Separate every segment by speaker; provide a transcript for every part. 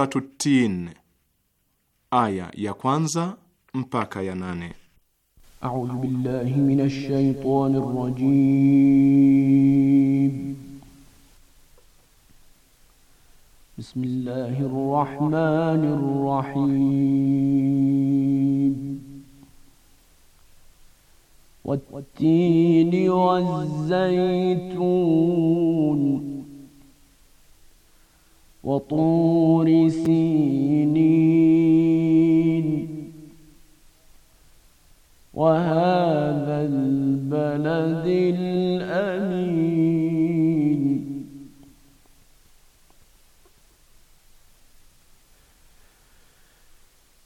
Speaker 1: Suratu Tin, aya ya kwanza mpaka ya nane.
Speaker 2: A'udhu billahi minash shaitanir rajim. Bismillahir rahmanir rahim. Wat-tini والتين والزيتون وطور سينين وهذا البلد الأمين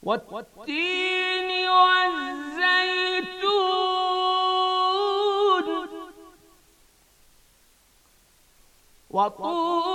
Speaker 2: والتين والزيتون وطور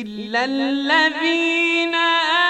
Speaker 2: إلا الذين آمنوا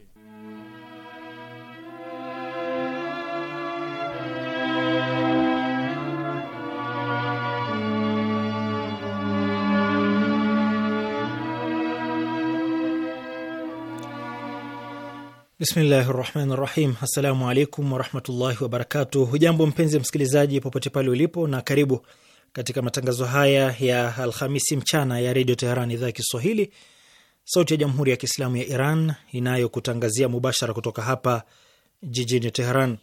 Speaker 3: Bismillahi rahmani rahim. Assalamu alaikum warahmatullahi wabarakatuh. Hujambo mpenzi msikilizaji, popote pale ulipo, na karibu katika matangazo haya ya Alhamisi mchana ya Redio Teheran, idhaa ya Kiswahili, sauti ya Jamhuri ya Kiislamu ya Iran inayokutangazia mubashara kutoka hapa jijini Teheran.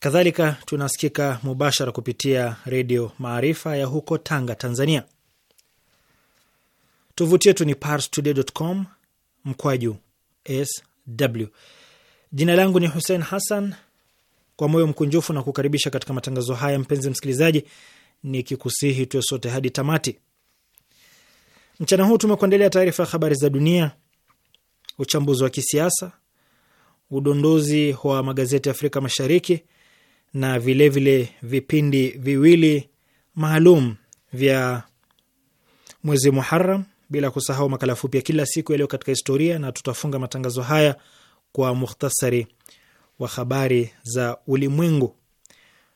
Speaker 3: Kadhalika tunasikika mubashara kupitia Redio Maarifa ya huko Tanga, Tanzania. Tovuti yetu ni parstoday.com mkwaju sw. Jina langu ni Hussein Hassan, kwa moyo mkunjufu na kukaribisha katika matangazo haya, mpenzi msikilizaji, nikikusihi tuwe sote hadi tamati. Mchana huu tumekuandalia taarifa ya habari za dunia, uchambuzi wa kisiasa, udondozi wa magazeti ya Afrika Mashariki na vilevile vile vipindi viwili maalum vya mwezi muharam bila kusahau makala fupi ya kila siku yaliyo katika historia, na tutafunga matangazo haya kwa muhtasari wa habari za ulimwengu.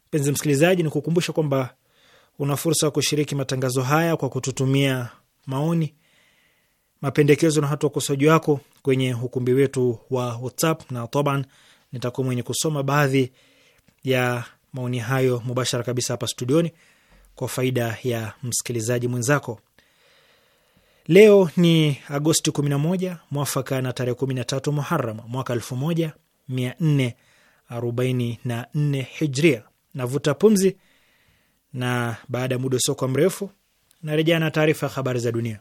Speaker 3: Mpenzi msikilizaji, ni kukumbusha kwamba una fursa ya kushiriki matangazo haya kwa kututumia maoni, mapendekezo na hata ukosoaji wako kwenye ukumbi wetu wa WhatsApp, na taban nitakuwa mwenye kusoma baadhi ya maoni hayo mubashara kabisa hapa studioni kwa faida ya msikilizaji mwenzako. Leo ni Agosti 11 mwafaka na tarehe 13 Muharam mwaka 1444 Hijria. Navuta pumzi, na baada ya muda usiokuwa mrefu narejea na taarifa ya habari za dunia.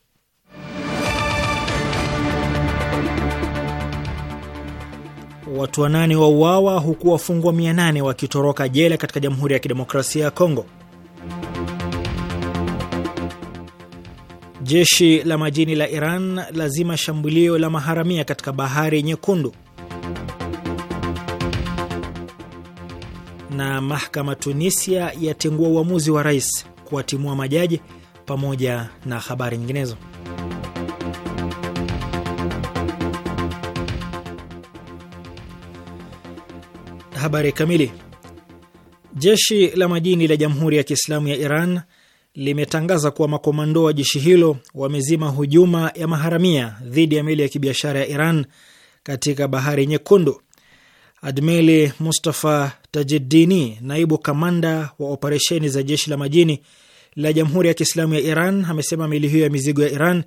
Speaker 3: watu wanane wa uawa huku wafungwa 800 wakitoroka jela katika Jamhuri ya Kidemokrasia ya Kongo. Jeshi la majini la Iran lazima shambulio la maharamia katika Bahari Nyekundu. Na mahakama Tunisia yatengua uamuzi wa rais kuwatimua majaji, pamoja na habari nyinginezo. habari kamili. Jeshi la majini la Jamhuri ya Kiislamu ya Iran limetangaza kuwa makomando wa jeshi hilo wamezima hujuma ya maharamia dhidi ya meli ya kibiashara ya Iran katika Bahari Nyekundu. Admeli Mustafa Tajeddini, naibu kamanda wa operesheni za jeshi la majini la Jamhuri ya Kiislamu ya Iran, amesema meli hiyo ya mizigo ya Iran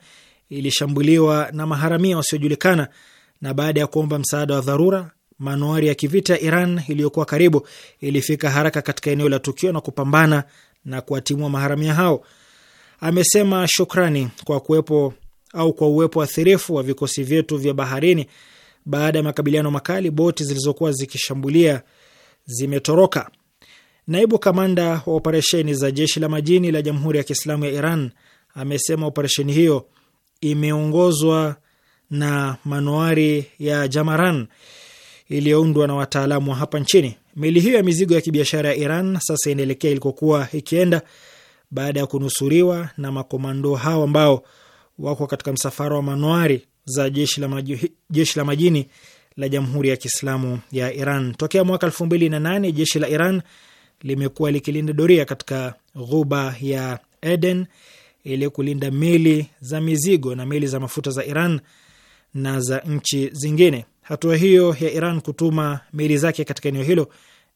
Speaker 3: ilishambuliwa na maharamia wasiojulikana, na baada ya kuomba msaada wa dharura manuari ya kivita Iran iliyokuwa karibu ilifika haraka katika eneo la tukio na kupambana na kuwatimua maharamia hao. Amesema shukrani kwa kuwepo au kwa uwepo athirifu wa vikosi vyetu vya baharini. Baada ya makabiliano makali, boti zilizokuwa zikishambulia zimetoroka. Naibu kamanda wa operesheni za jeshi la majini la Jamhuri ya Kiislamu ya Iran amesema operesheni hiyo imeongozwa na manuari ya Jamaran iliyoundwa na wataalamu wa hapa nchini. Meli hiyo ya mizigo ya kibiashara ya Iran sasa inaelekea ilikokuwa ikienda baada ya kunusuriwa na makomando hao ambao wako katika msafara wa manuari za jeshi la, maji, jeshi la majini la Jamhuri ya Kiislamu ya Iran. Tokea mwaka elfu mbili na nane jeshi la Iran limekuwa likilinda doria katika ghuba ya Eden ili kulinda meli za mizigo na meli za mafuta za Iran na za nchi zingine. Hatua hiyo ya Iran kutuma meli zake katika eneo hilo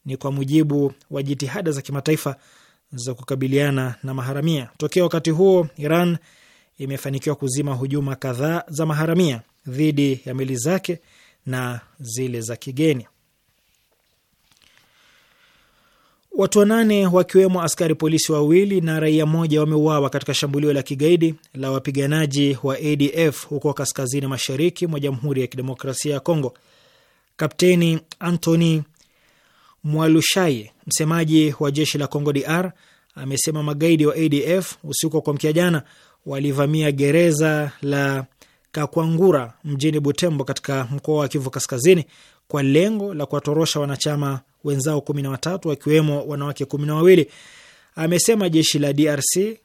Speaker 3: ni kwa mujibu wa jitihada za kimataifa za kukabiliana na maharamia. Tokea wakati huo, Iran imefanikiwa kuzima hujuma kadhaa za maharamia dhidi ya meli zake na zile za kigeni. Watu wanane wakiwemo askari polisi wawili na raia mmoja wameuawa katika shambulio la kigaidi la wapiganaji wa ADF huko kaskazini mashariki mwa Jamhuri ya Kidemokrasia ya Kongo. Kapteni Antony Mwalushaye, msemaji wa jeshi la Kongo DR, amesema magaidi wa ADF usiku wa kuamkia jana walivamia gereza la Kakwangura mjini Butembo katika mkoa wa Kivu Kaskazini kwa lengo la kuwatorosha wanachama wenzao kumi na watatu wakiwemo wanawake kumi na wawili. Amesema jeshi la DRC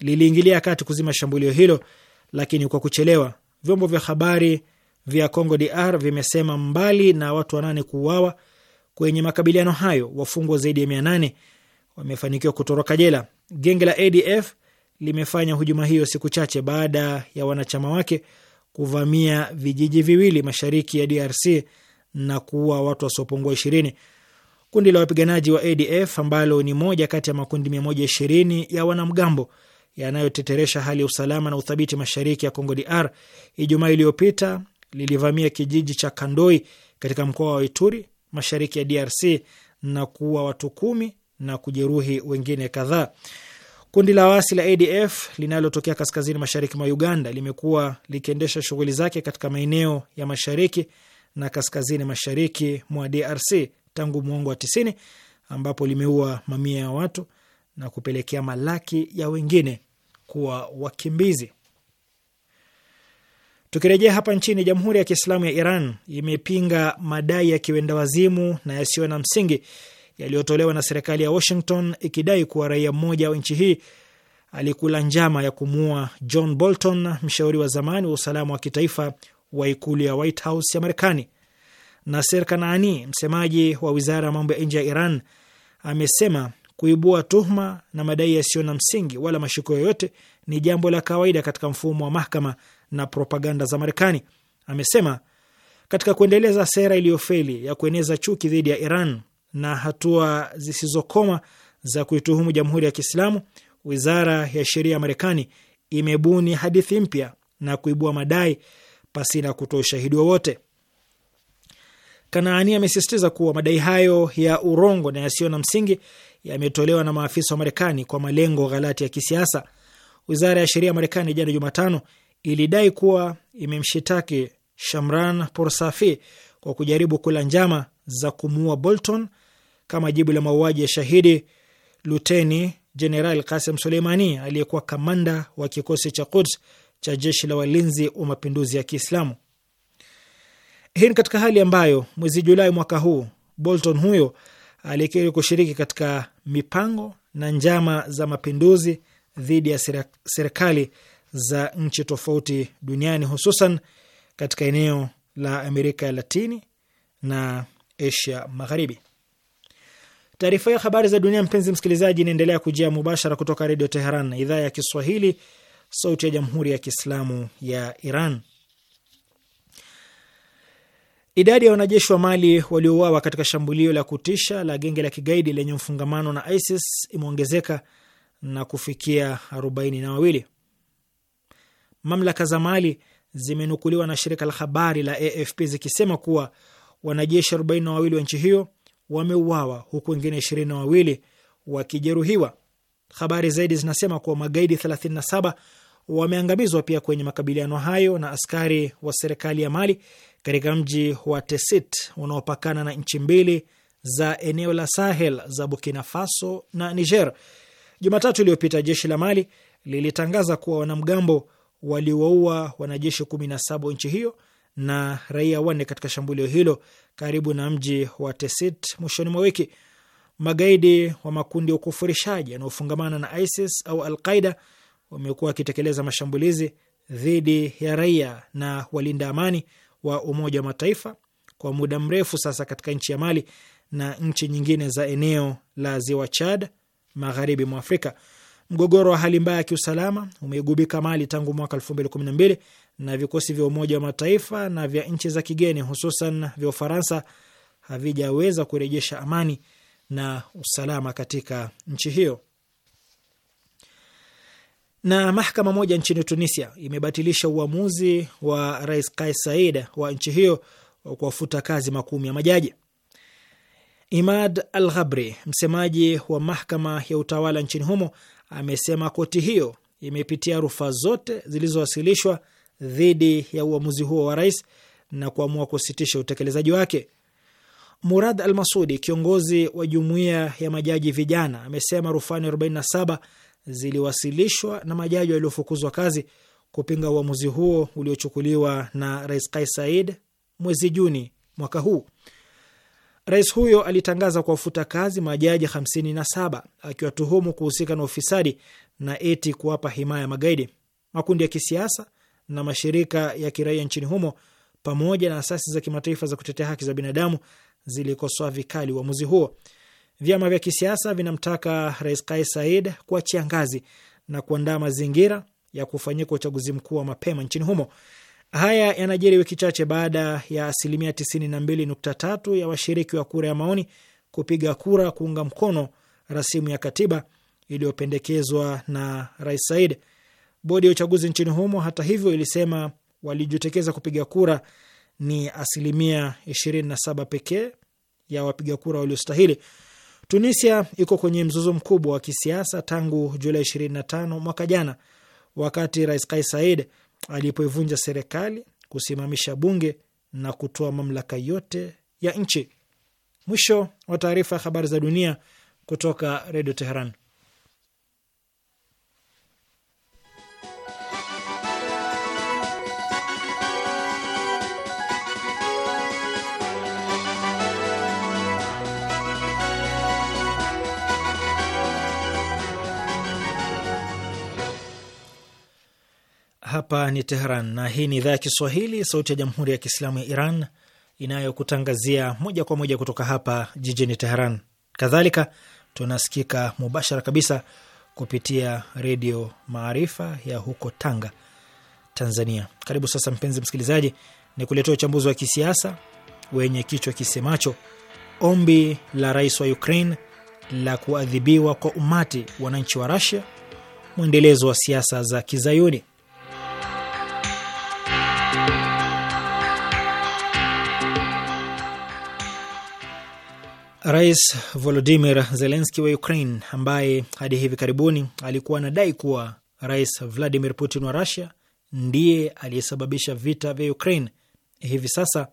Speaker 3: liliingilia kati kuzima shambulio hilo, lakini kwa kuchelewa. Vyombo vya habari vya Congo DR vimesema mbali na watu wanane kuuawa kwenye makabiliano hayo, wafungwa zaidi ya mia nane wamefanikiwa kutoroka jela. Genge la ADF limefanya hujuma hiyo siku chache baada ya wanachama wake kuvamia vijiji viwili mashariki ya DRC na kuua watu wasiopungua ishirini. Kundi la wapiganaji wa ADF ambalo ni moja kati ya makundi 120 ya wanamgambo yanayoteteresha hali ya usalama na uthabiti mashariki ya Kongo DR, Ijumaa iliyopita lilivamia kijiji cha Kandoi katika mkoa wa Ituri mashariki ya DRC na kuua watu kumi na kujeruhi wengine kadhaa. Kundi la waasi la ADF linalotokea kaskazini mashariki mwa Uganda limekuwa likiendesha shughuli zake katika maeneo ya mashariki na kaskazini mashariki mwa DRC tangu mwongo wa tisini ambapo limeua mamia ya watu na kupelekea malaki ya wengine kuwa wakimbizi. Tukirejea hapa nchini, Jamhuri ya Kiislamu ya Iran imepinga madai ya kiwendawazimu na yasiyo na msingi yaliyotolewa na serikali ya Washington ikidai kuwa raia mmoja wa nchi hii alikula njama ya kumuua John Bolton, mshauri wa zamani wa usalama wa kitaifa wa ikulu ya White House ya Marekani. Naser Kanaani, msemaji wa wizara ya mambo ya nje ya Iran, amesema kuibua tuhuma na madai yasiyo na msingi wala mashiko yoyote ni jambo la kawaida katika mfumo wa mahakama na propaganda za Marekani. Amesema katika kuendeleza sera iliyofeli ya kueneza chuki dhidi ya Iran na hatua zisizokoma za kuituhumu Jamhuri ya Kiislamu, wizara ya sheria ya Marekani imebuni hadithi mpya na kuibua madai pasina kutoa ushahidi wowote. Kanaani amesisitiza kuwa madai hayo ya urongo na yasiyo na msingi yametolewa na maafisa wa Marekani kwa malengo ghalati ya kisiasa. Wizara ya sheria ya Marekani jana Jumatano ilidai kuwa imemshitaki Shamran Porsafi kwa kujaribu kula njama za kumuua Bolton kama jibu la mauaji ya shahidi luteni jeneral Kasim Suleimani aliyekuwa kamanda wa kikosi cha Quds cha jeshi la walinzi wa mapinduzi ya Kiislamu. Hii ni katika hali ambayo mwezi Julai mwaka huu Bolton huyo alikiri kushiriki katika mipango na njama za mapinduzi dhidi ya serikali za nchi tofauti duniani hususan katika eneo la Amerika ya Latini na Asia Magharibi. Taarifa ya habari za dunia, mpenzi msikilizaji, inaendelea kujia mubashara kutoka Redio Teheran, idhaa ya Kiswahili, sauti ya Jamhuri ya Kiislamu ya Iran. Idadi ya wanajeshi wa Mali waliouawa katika shambulio la kutisha la genge la kigaidi lenye mfungamano na ISIS imeongezeka na kufikia arobaini na wawili. Mamlaka za Mali zimenukuliwa na shirika la habari la AFP zikisema kuwa wanajeshi arobaini na wawili wa nchi hiyo wameuawa huku wengine ishirini na wawili wakijeruhiwa. Habari zaidi zinasema kuwa magaidi 37 wameangamizwa pia kwenye makabiliano hayo na askari wa serikali ya Mali katika mji wa Tesit unaopakana na nchi mbili za eneo la Sahel za Burkina Faso na Niger. Jumatatu iliyopita jeshi la Mali lilitangaza kuwa wanamgambo waliwaua wanajeshi kumi na saba nchi hiyo na raia wanne katika shambulio hilo karibu na mji wa Tesit mwishoni mwa wiki. Magaidi wa makundi ya ukufurishaji yanayofungamana na ISIS au Al Qaida wamekuwa wakitekeleza mashambulizi dhidi ya raia na walinda amani wa Umoja wa Mataifa kwa muda mrefu sasa katika nchi ya Mali na nchi nyingine za eneo la ziwa Chad, magharibi mwa Afrika. Mgogoro wa hali mbaya ya kiusalama umeigubika Mali tangu mwaka elfu mbili kumi na mbili na vikosi vya Umoja wa Mataifa na vya nchi za kigeni hususan vya Ufaransa havijaweza kurejesha amani na usalama katika nchi hiyo. Na mahakama moja nchini Tunisia imebatilisha uamuzi wa Rais Kais Saied wa nchi hiyo wa kuwafuta kazi makumi ya majaji. Imad Al Ghabri, msemaji wa mahakama ya utawala nchini humo, amesema koti hiyo imepitia rufaa zote zilizowasilishwa dhidi ya uamuzi huo wa rais na kuamua kusitisha utekelezaji wake. Murad Al Masudi, kiongozi wa jumuiya ya majaji vijana, amesema rufani 47 ziliwasilishwa na majaji waliofukuzwa kazi kupinga uamuzi huo uliochukuliwa na Rais Kais Saied mwezi Juni mwaka huu. Rais huyo alitangaza kuwafuta kazi majaji 57 akiwatuhumu kuhusika na ufisadi na eti kuwapa himaya magaidi. Makundi ya kisiasa na mashirika ya kiraia nchini humo pamoja na asasi za kimataifa za kutetea haki za binadamu zilikosoa vikali uamuzi huo. Vyama vya kisiasa vinamtaka Rais Kais Said kuachia ngazi na kuandaa mazingira ya kufanyika uchaguzi mkuu wa mapema nchini humo. Haya yanajiri wiki chache baada ya asilimia 92.3 ya washiriki wa kura ya maoni kupiga kura kuunga mkono rasimu ya katiba iliyopendekezwa na Rais Said. Bodi ya uchaguzi nchini humo, hata hivyo, ilisema walijitokeza kupiga kura ni asilimia 27 pekee ya wapiga kura waliostahili. Tunisia iko kwenye mzozo mkubwa wa kisiasa tangu Julai 25 mwaka jana, wakati Rais Kais Saied alipoivunja serikali, kusimamisha bunge na kutoa mamlaka yote ya nchi. Mwisho wa taarifa ya habari za dunia kutoka Redio Teheran. Hapa ni Tehran na hii ni idhaa ya Kiswahili, sauti ya jamhuri ya kiislamu ya Iran inayokutangazia moja kwa moja kutoka hapa jijini teheran Kadhalika tunasikika mubashara kabisa kupitia redio Maarifa ya huko Tanga, Tanzania. Karibu sasa, mpenzi msikilizaji, ni kuletea uchambuzi wa kisiasa wenye kichwa kisemacho ombi la rais wa Ukraine la kuadhibiwa kwa umati wananchi wa Rasia, mwendelezo wa siasa za kizayuni. Rais Volodimir Zelenski wa Ukraine, ambaye hadi hivi karibuni alikuwa anadai kuwa Rais Vladimir Putin wa Russia ndiye aliyesababisha vita vya Ukraine, hivi sasa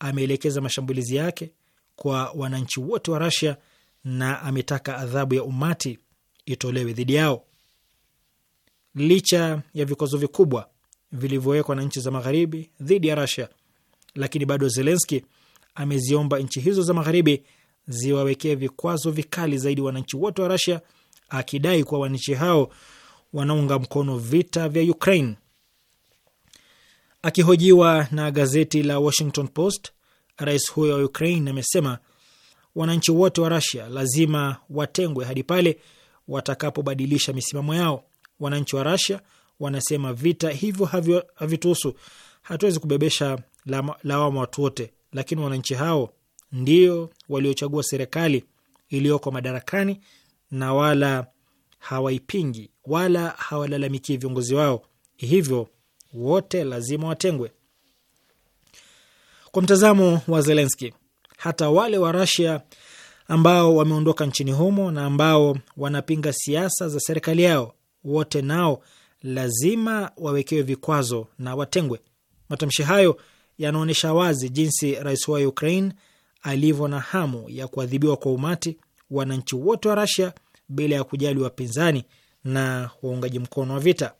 Speaker 3: ameelekeza mashambulizi yake kwa wananchi wote wa rasia na ametaka adhabu ya umati itolewe dhidi yao. Licha ya vikwazo vikubwa vilivyowekwa na nchi za magharibi dhidi ya Russia, lakini bado Zelenski ameziomba nchi hizo za magharibi ziwawekee vikwazo vikali zaidi wananchi wote wa Rasia, akidai kuwa wananchi hao wanaunga mkono vita vya Ukraine. Akihojiwa na gazeti la Washington Post, rais huyo wa Ukraine amesema wananchi wote wa Rasia lazima watengwe hadi pale watakapobadilisha misimamo yao. Wananchi wa Rasia wanasema vita hivyo havituhusu, hatuwezi kubebesha lawama watu wote, lakini wananchi hao ndio waliochagua serikali iliyoko madarakani na wala hawaipingi wala hawalalamikii viongozi wao, hivyo wote lazima watengwe. Kwa mtazamo wa Zelenski, hata wale wa Rasia ambao wameondoka nchini humo na ambao wanapinga siasa za serikali yao, wote nao lazima wawekewe vikwazo na watengwe. Matamshi hayo yanaonyesha wazi jinsi rais wa Ukraine alivyo na hamu ya kuadhibiwa kwa umati wananchi wote wa Rasia bila ya kujali wapinzani na waungaji mkono wa vita.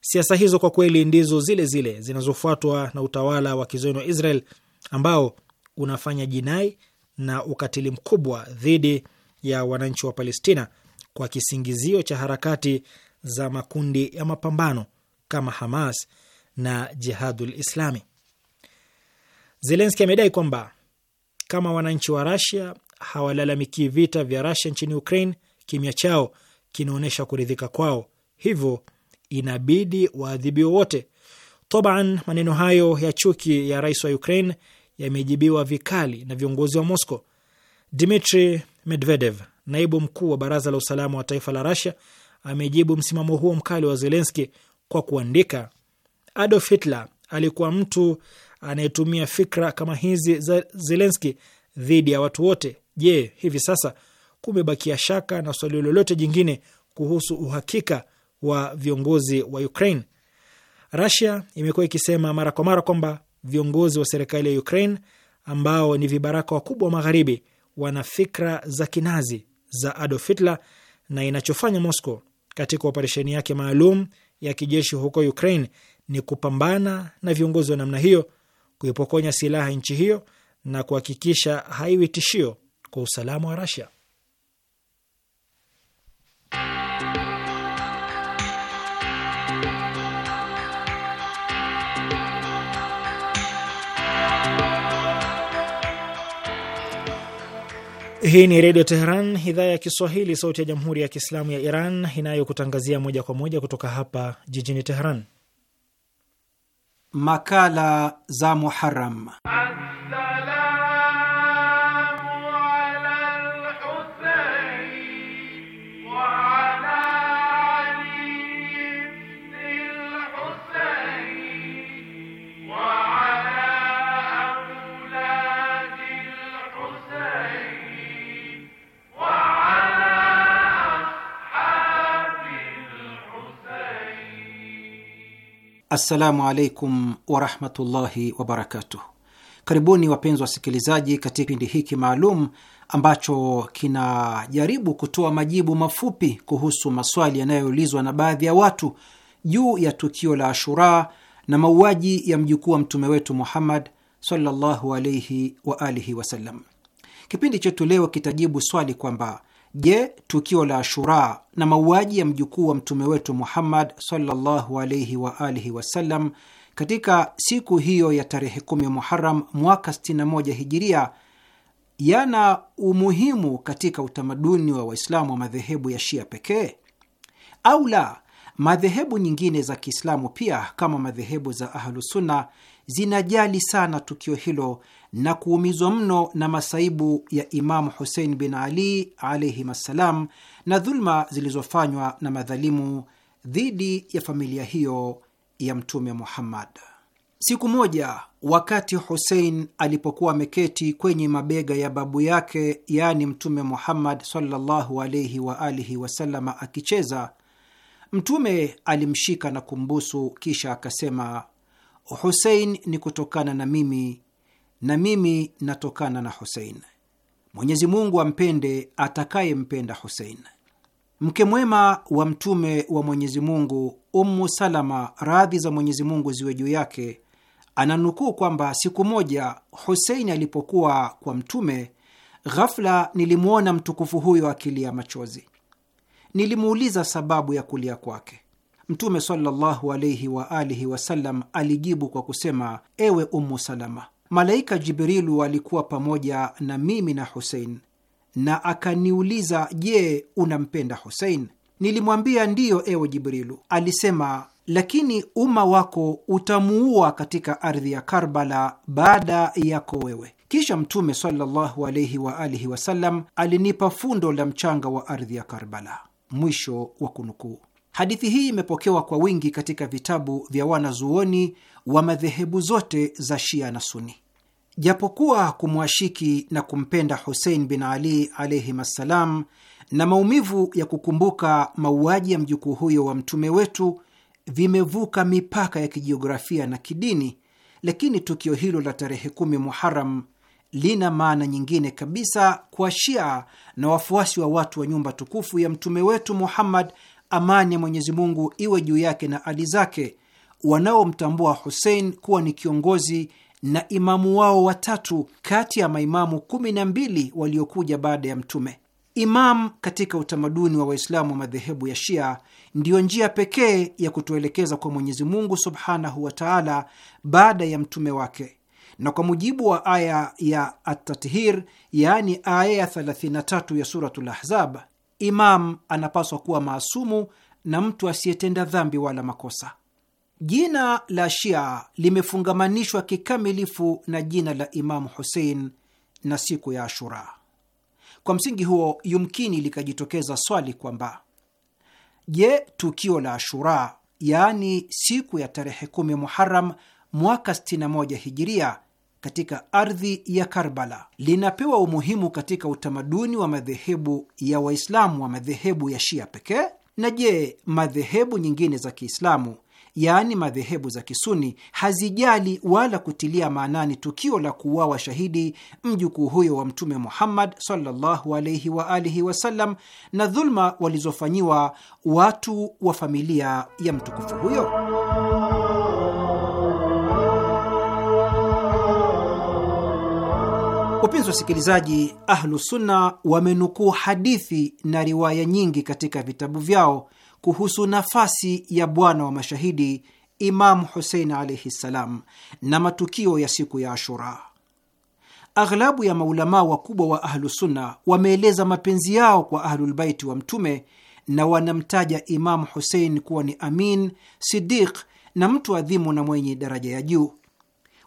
Speaker 3: Siasa hizo kwa kweli ndizo zile zile zinazofuatwa na utawala wa kizoni wa Israel ambao unafanya jinai na ukatili mkubwa dhidi ya wananchi wa Palestina kwa kisingizio cha harakati za makundi ya mapambano kama Hamas na Jihadul Islami. Zelenski amedai kwamba kama wananchi wa Rasia hawalalamikii vita vya Rasia nchini Ukraine, kimya chao kinaonyesha kuridhika kwao, hivyo inabidi waadhibiwe wote. Toban, maneno hayo ya chuki ya rais wa Ukraine yamejibiwa vikali na viongozi wa Moscow. Dmitri Medvedev, naibu mkuu wa baraza la usalama wa taifa la Rasia, amejibu msimamo huo mkali wa Zelenski kwa kuandika, Adolf Hitler alikuwa mtu anayetumia fikra kama hizi za Zelenski dhidi ya watu wote. Je, hivi sasa kumebakia shaka na swali lolote jingine kuhusu uhakika wa viongozi wa Ukraine? rasia imekuwa ikisema mara kwa mara kwamba viongozi wa serikali ya Ukraine ambao ni vibaraka wakubwa wa Magharibi wana fikra za kinazi za Adolf Hitler na inachofanya Moscow katika operesheni yake maalum ya kijeshi huko Ukraine ni kupambana na viongozi wa namna hiyo kuipokonya silaha nchi hiyo na kuhakikisha haiwi tishio kwa usalama wa Rasia. Hii ni Redio Teheran, idhaa ya Kiswahili, sauti ya Jamhuri ya Kiislamu ya Iran, inayokutangazia moja kwa moja kutoka hapa jijini Teheran.
Speaker 4: Makala za Muharram. Assalamu alaikum warahmatullahi wabarakatuh. Karibuni wapenzi wasikilizaji, katika kipindi hiki maalum ambacho kinajaribu kutoa majibu mafupi kuhusu maswali yanayoulizwa na baadhi ya watu juu ya tukio la Ashura na mauaji ya mjukuu wa mtume wetu Muhammad sallallahu alaihi wa alihi wasallam. Kipindi chetu leo kitajibu swali kwamba Je, tukio la Ashura na mauaji ya mjukuu wa mtume wetu Muhammad sallallahu alaihi wa alihi wasallam katika siku hiyo ya tarehe kumi Muharam mwaka 61 hijiria yana umuhimu katika utamaduni wa Waislamu wa madhehebu ya Shia pekee au la? Madhehebu nyingine za Kiislamu pia kama madhehebu za Ahlusunna zinajali sana tukio hilo na kuumizwa mno na masaibu ya Imamu Husein bin Ali alaihim assalam, na dhuluma zilizofanywa na madhalimu dhidi ya familia hiyo ya Mtume Muhammad. Siku moja wakati Husein alipokuwa ameketi kwenye mabega ya babu yake, yaani Mtume Muhammad sallallahu alaihi wa alihi wasallama, akicheza, Mtume alimshika na kumbusu, kisha akasema, Husein ni kutokana na mimi na mimi natokana na Husein. Mwenyezi Mungu ampende atakayempenda Husein. Mke mwema wa Mtume wa Mwenyezi Mungu, Ummu Salama, radhi za Mwenyezi Mungu ziwe juu yake, ananukuu kwamba siku moja Husein alipokuwa kwa Mtume, ghafla nilimwona mtukufu huyo akilia machozi. Nilimuuliza sababu ya kulia kwake. Mtume sallallahu alaihi wa alihi wasallam alijibu kwa kusema, ewe Ummu Salama, malaika Jibrilu alikuwa pamoja na mimi na Husein na akaniuliza, je, unampenda Husein? Nilimwambia ndiyo, ewe Jibrilu. Alisema, lakini umma wako utamuua katika ardhi ya Karbala baada yako wewe. Kisha Mtume sallallahu alaihi wa alihi wasallam alinipa fundo la mchanga wa ardhi ya Karbala. Mwisho wa kunukuu. Hadithi hii imepokewa kwa wingi katika vitabu vya wanazuoni wa madhehebu zote za Shia na Suni. Japokuwa kumwashiki na kumpenda Husein bin Ali alaihim assalam na maumivu ya kukumbuka mauaji ya mjukuu huyo wa mtume wetu vimevuka mipaka ya kijiografia na kidini, lakini tukio hilo la tarehe kumi Muharam lina maana nyingine kabisa kwa Shia na wafuasi wa watu wa nyumba tukufu ya mtume wetu Muhammad, amani ya Mwenyezi Mungu iwe juu yake na ali zake, wanaomtambua Husein kuwa ni kiongozi na imamu wao watatu kati ya maimamu kumi na mbili waliokuja baada ya Mtume. Imam katika utamaduni wa Waislamu wa madhehebu ya Shia ndiyo njia pekee ya kutuelekeza kwa Mwenyezi Mungu subhanahu wa taala baada ya mtume wake, na kwa mujibu wa aya ya Atathir, yaani aya ya 33 ya Suratul Ahzab, imam anapaswa kuwa maasumu na mtu asiyetenda dhambi wala makosa. Jina la Shia limefungamanishwa kikamilifu na jina la Imamu Husein na siku ya Ashura. Kwa msingi huo, yumkini likajitokeza swali kwamba je, tukio la Ashura, yaani siku ya tarehe kumi Muharam mwaka 61 Hijiria katika ardhi ya Karbala linapewa umuhimu katika utamaduni wa madhehebu ya Waislamu wa madhehebu ya Shia pekee? Na je, madhehebu nyingine za Kiislamu yaani madhehebu za Kisuni hazijali wala kutilia maanani tukio la kuuawa shahidi mjukuu huyo wa Mtume Muhammad sallallahu alaihi wa alihi wasallam na dhulma walizofanyiwa watu wa familia ya mtukufu huyo. Wapenzi wasikilizaji, Ahlusunna wamenukuu hadithi na riwaya nyingi katika vitabu vyao kuhusu nafasi ya bwana wa mashahidi Imamu Husein alaihi ssalam na matukio ya siku ya Ashura. Aghlabu ya maulamaa wakubwa wa Ahlusunna wameeleza mapenzi yao kwa Ahlulbaiti wa Mtume na wanamtaja Imamu Husein kuwa ni amin, sidiq na mtu adhimu na mwenye daraja ya juu.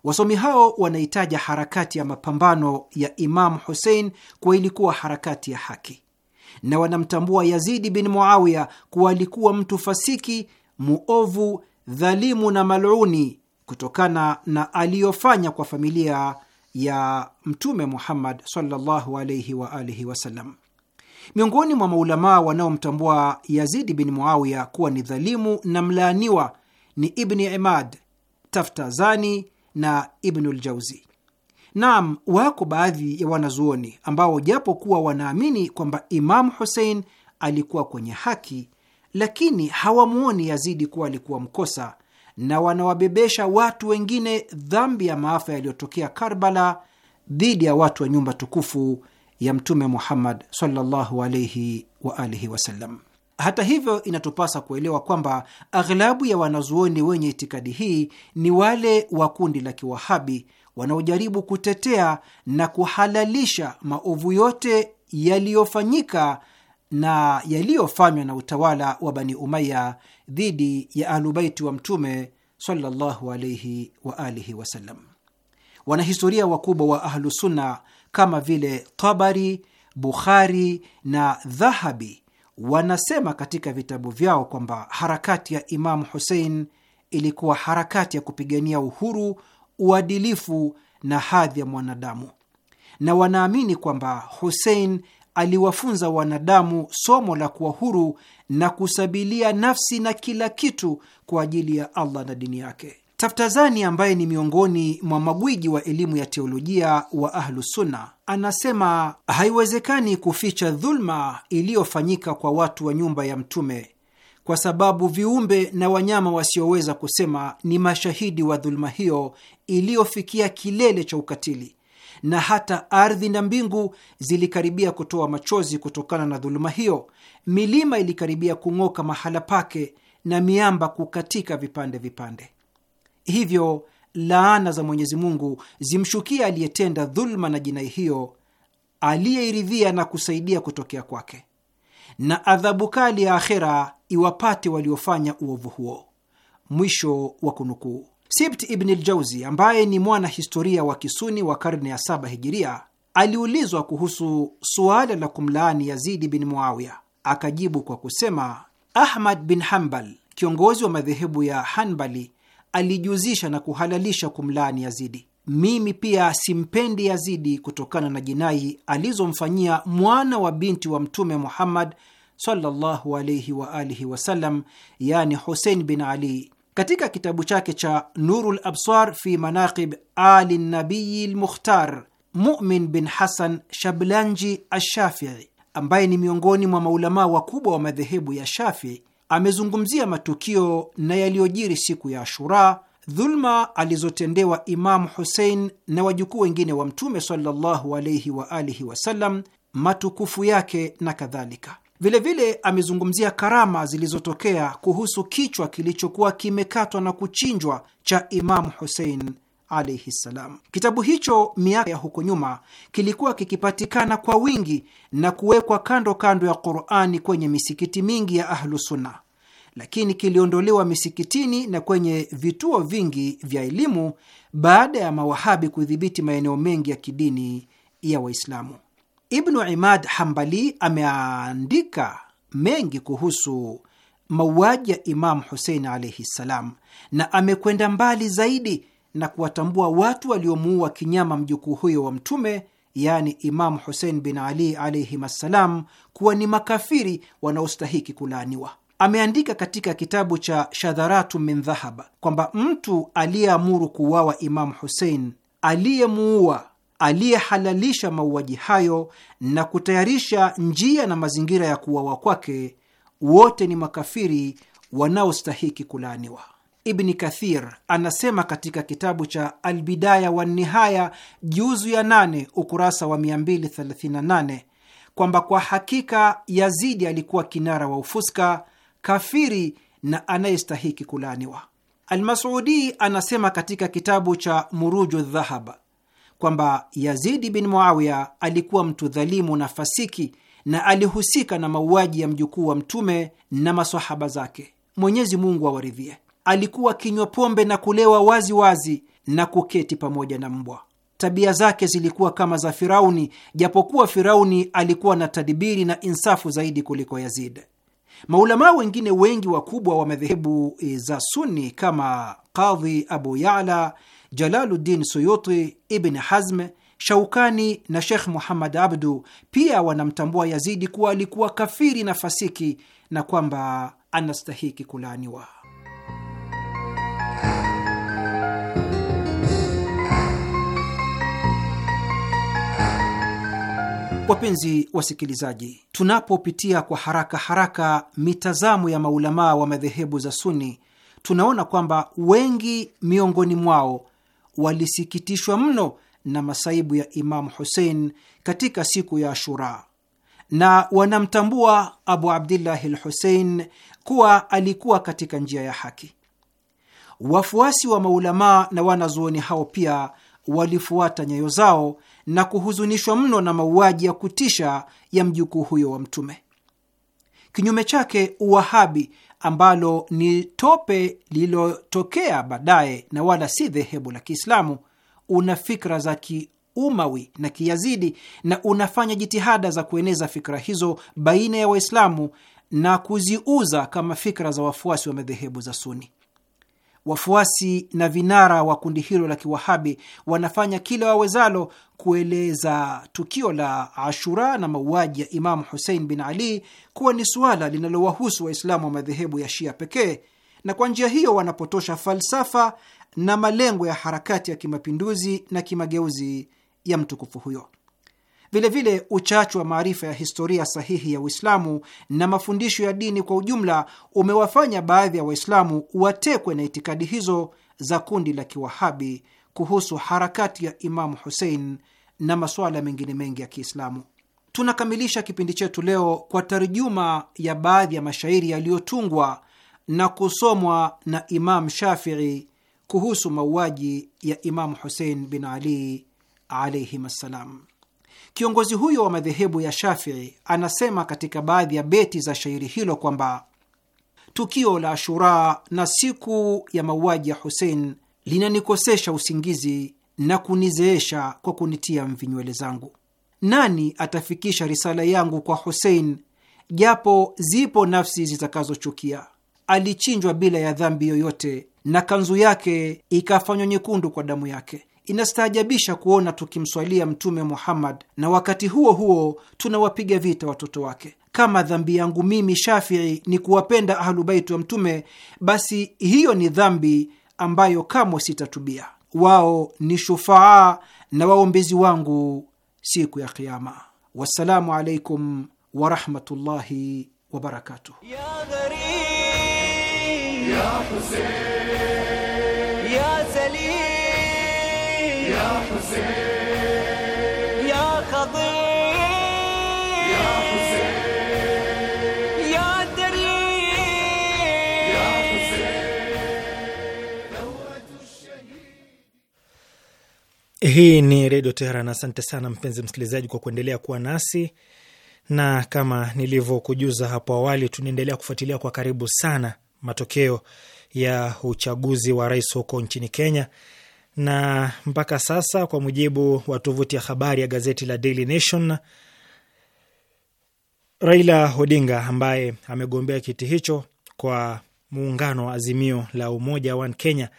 Speaker 4: Wasomi hao wanaitaja harakati ya mapambano ya Imamu Husein kuwa ilikuwa harakati ya haki na wanamtambua Yazidi bin Muawiya kuwa alikuwa mtu fasiki, muovu, dhalimu na maluni kutokana na aliyofanya kwa familia ya Mtume Muhammad sallallahu alaihi wa alihi wasallam. Miongoni mwa maulamaa wanaomtambua Yazidi bin Muawiya kuwa ni dhalimu na mlaaniwa ni Ibni Imad, Taftazani na ibnuljauzi Naam, wako baadhi ya wanazuoni ambao japo kuwa wanaamini kwamba Imamu Husein alikuwa kwenye haki, lakini hawamuoni Yazidi kuwa alikuwa mkosa, na wanawabebesha watu wengine dhambi ya maafa yaliyotokea Karbala dhidi ya watu wa nyumba tukufu ya Mtume Muhammad sallallahu alaihi wa alihi wasallam. Hata hivyo, inatupasa kuelewa kwamba aghlabu ya wanazuoni wenye itikadi hii ni wale wa kundi la Kiwahabi wanaojaribu kutetea na kuhalalisha maovu yote yaliyofanyika na yaliyofanywa na utawala wa Bani Umaya dhidi ya Ahlubaiti wa Mtume sallallahu alaihi wa alihi wasallam. Wanahistoria wakubwa wa Ahlusunna kama vile Tabari, Bukhari na Dhahabi wanasema katika vitabu vyao kwamba harakati ya Imamu Husein ilikuwa harakati ya kupigania uhuru uadilifu na hadhi ya mwanadamu, na wanaamini kwamba Husein aliwafunza wanadamu somo la kuwa huru na kusabilia nafsi na kila kitu kwa ajili ya Allah na dini yake. Taftazani ambaye ni miongoni mwa magwiji wa elimu ya teolojia wa Ahlusunna anasema haiwezekani kuficha dhulma iliyofanyika kwa watu wa nyumba ya Mtume kwa sababu viumbe na wanyama wasioweza kusema ni mashahidi wa dhuluma hiyo iliyofikia kilele cha ukatili, na hata ardhi na mbingu zilikaribia kutoa machozi kutokana na dhuluma hiyo. Milima ilikaribia kung'oka mahala pake na miamba kukatika vipande vipande. Hivyo laana za Mwenyezi Mungu zimshukia aliyetenda dhuluma na jinai hiyo, aliyeiridhia na kusaidia kutokea kwake na adhabu kali ya akhera iwapate waliofanya uovu huo. Mwisho wa kunukuu. Sibt Ibn Ljauzi, ambaye ni mwana historia wa kisuni wa karne ya saba hijiria, aliulizwa kuhusu suala la kumlaani Yazidi bin Muawiya, akajibu kwa kusema, Ahmad bin Hanbal, kiongozi wa madhehebu ya Hanbali, alijuzisha na kuhalalisha kumlaani Yazidi mimi pia simpendi Yazidi kutokana na jinai alizomfanyia mwana wa binti wa Mtume Muhammad sallallahu alayhi wa alihi wasallam, yani Husein bin Ali. Katika kitabu chake cha Nurul Absar fi Manaqib Ali Nabiyi Lmukhtar, Mumin bin Hasan Shablanji Ashafii, ambaye ni miongoni mwa maulamaa wakubwa wa madhehebu ya Shafii, amezungumzia matukio na yaliyojiri siku ya ashuraa dhulma alizotendewa Imamu Husein na wajukuu wengine wa Mtume sallallahu alaihi wa alihi wasallam, matukufu yake na kadhalika. Vilevile amezungumzia karama zilizotokea kuhusu kichwa kilichokuwa kimekatwa na kuchinjwa cha Imamu Husein alaihi ssalam. Kitabu hicho miaka ya huko nyuma kilikuwa kikipatikana kwa wingi na kuwekwa kando kando ya Qurani kwenye misikiti mingi ya Ahlusunna lakini kiliondolewa misikitini na kwenye vituo vingi vya elimu baada ya mawahabi kudhibiti maeneo mengi ya kidini ya Waislamu. Ibnu Imad Hambali ameandika mengi kuhusu mauaji ya Imamu Husein alaihi ssalam, na amekwenda mbali zaidi na kuwatambua watu waliomuua kinyama mjukuu huyo wa Mtume, yaani Imamu Husein bin Ali alaihim assalam, kuwa ni makafiri wanaostahiki kulaaniwa ameandika katika kitabu cha Shadharatu min Dhahaba kwamba mtu aliyeamuru kuuawa Imamu Husein, aliyemuua, aliyehalalisha mauaji hayo na kutayarisha njia na mazingira ya kuuawa kwake, wote ni makafiri wanaostahiki kulaaniwa. Ibni Kathir anasema katika kitabu cha Albidaya wa Nihaya juzu ya nane ukurasa wa 238 kwamba kwa hakika Yazidi alikuwa kinara wa ufuska kafiri na anayestahiki kulaaniwa. Almasudi anasema katika kitabu cha Muruju Dhahab kwamba Yazidi bin Muawiya alikuwa mtu dhalimu na fasiki na alihusika na mauaji ya mjukuu wa Mtume na masahaba zake, Mwenyezi Mungu awaridhie alikuwa kinywa pombe na kulewa waziwazi wazi na kuketi pamoja na mbwa. Tabia zake zilikuwa kama za Firauni, japokuwa Firauni alikuwa na tadibiri na insafu zaidi kuliko Yazidi. Maulamaa wengine wengi wakubwa wa madhehebu eh, za Sunni kama Qadhi Abu Yala, Jalaluddin Suyuti, Ibn Hazm, Shaukani na Shekh Muhammad Abdu pia wanamtambua Yazidi kuwa alikuwa kafiri na fasiki na kwamba anastahiki kulaaniwa. Wapenzi wasikilizaji, tunapopitia kwa haraka haraka mitazamo ya maulamaa wa madhehebu za Suni, tunaona kwamba wengi miongoni mwao walisikitishwa mno na masaibu ya Imamu Husein katika siku ya Ashura na wanamtambua Abu Abdillahi l Husein kuwa alikuwa katika njia ya haki. Wafuasi wa maulamaa na wanazuoni hao pia walifuata nyayo zao na kuhuzunishwa mno na mauaji ya kutisha ya mjukuu huyo wa Mtume. Kinyume chake, Uwahabi ambalo ni tope lililotokea baadaye na wala si dhehebu la Kiislamu, una fikra za Kiumawi na Kiyazidi na unafanya jitihada za kueneza fikra hizo baina ya Waislamu na kuziuza kama fikra za wafuasi wa madhehebu za Suni. Wafuasi na vinara wa kundi hilo la kiwahabi wanafanya kila wawezalo kueleza tukio la Ashura na mauaji ya Imamu Husein bin Ali kuwa ni suala linalowahusu Waislamu wa madhehebu ya Shia pekee, na kwa njia hiyo wanapotosha falsafa na malengo ya harakati ya kimapinduzi na kimageuzi ya mtukufu huyo. Vilevile vile uchachu wa maarifa ya historia sahihi ya Uislamu na mafundisho ya dini kwa ujumla umewafanya baadhi ya Waislamu watekwe na itikadi hizo za kundi la Kiwahabi kuhusu harakati ya Imamu Husein na masuala mengine mengi ya Kiislamu. Tunakamilisha kipindi chetu leo kwa tarjuma ya baadhi ya mashairi yaliyotungwa na kusomwa na Imam Shafii kuhusu mauaji ya Imamu Husein bin Ali alaihim assalam. Kiongozi huyo wa madhehebu ya Shafii anasema katika baadhi ya beti za shairi hilo kwamba tukio la Ashura na siku ya mauaji ya Husein linanikosesha usingizi na kunizeesha kwa kunitia mvinywele zangu. Nani atafikisha risala yangu kwa Husein, japo zipo nafsi zitakazochukia? Alichinjwa bila ya dhambi yoyote, na kanzu yake ikafanywa nyekundu kwa damu yake. Inastaajabisha kuona tukimswalia Mtume Muhammad na wakati huo huo tunawapiga vita watoto wake. Kama dhambi yangu mimi Shafii ni kuwapenda Ahlubaiti wa Mtume, basi hiyo ni dhambi ambayo kamwe sitatubia. Wao ni shufaa na waombezi wangu siku ya Kiama. Wassalamu alaikum warahmatullahi wabarakatuh.
Speaker 3: Hii ni Redio Teheran. Asante sana mpenzi msikilizaji kwa kuendelea kuwa nasi na kama nilivyokujuza hapo awali, tunaendelea kufuatilia kwa karibu sana matokeo ya uchaguzi wa rais huko nchini Kenya na mpaka sasa, kwa mujibu wa tovuti ya habari ya gazeti la Daily Nation, Raila Odinga ambaye amegombea kiti hicho kwa muungano wa Azimio la Umoja One Kenya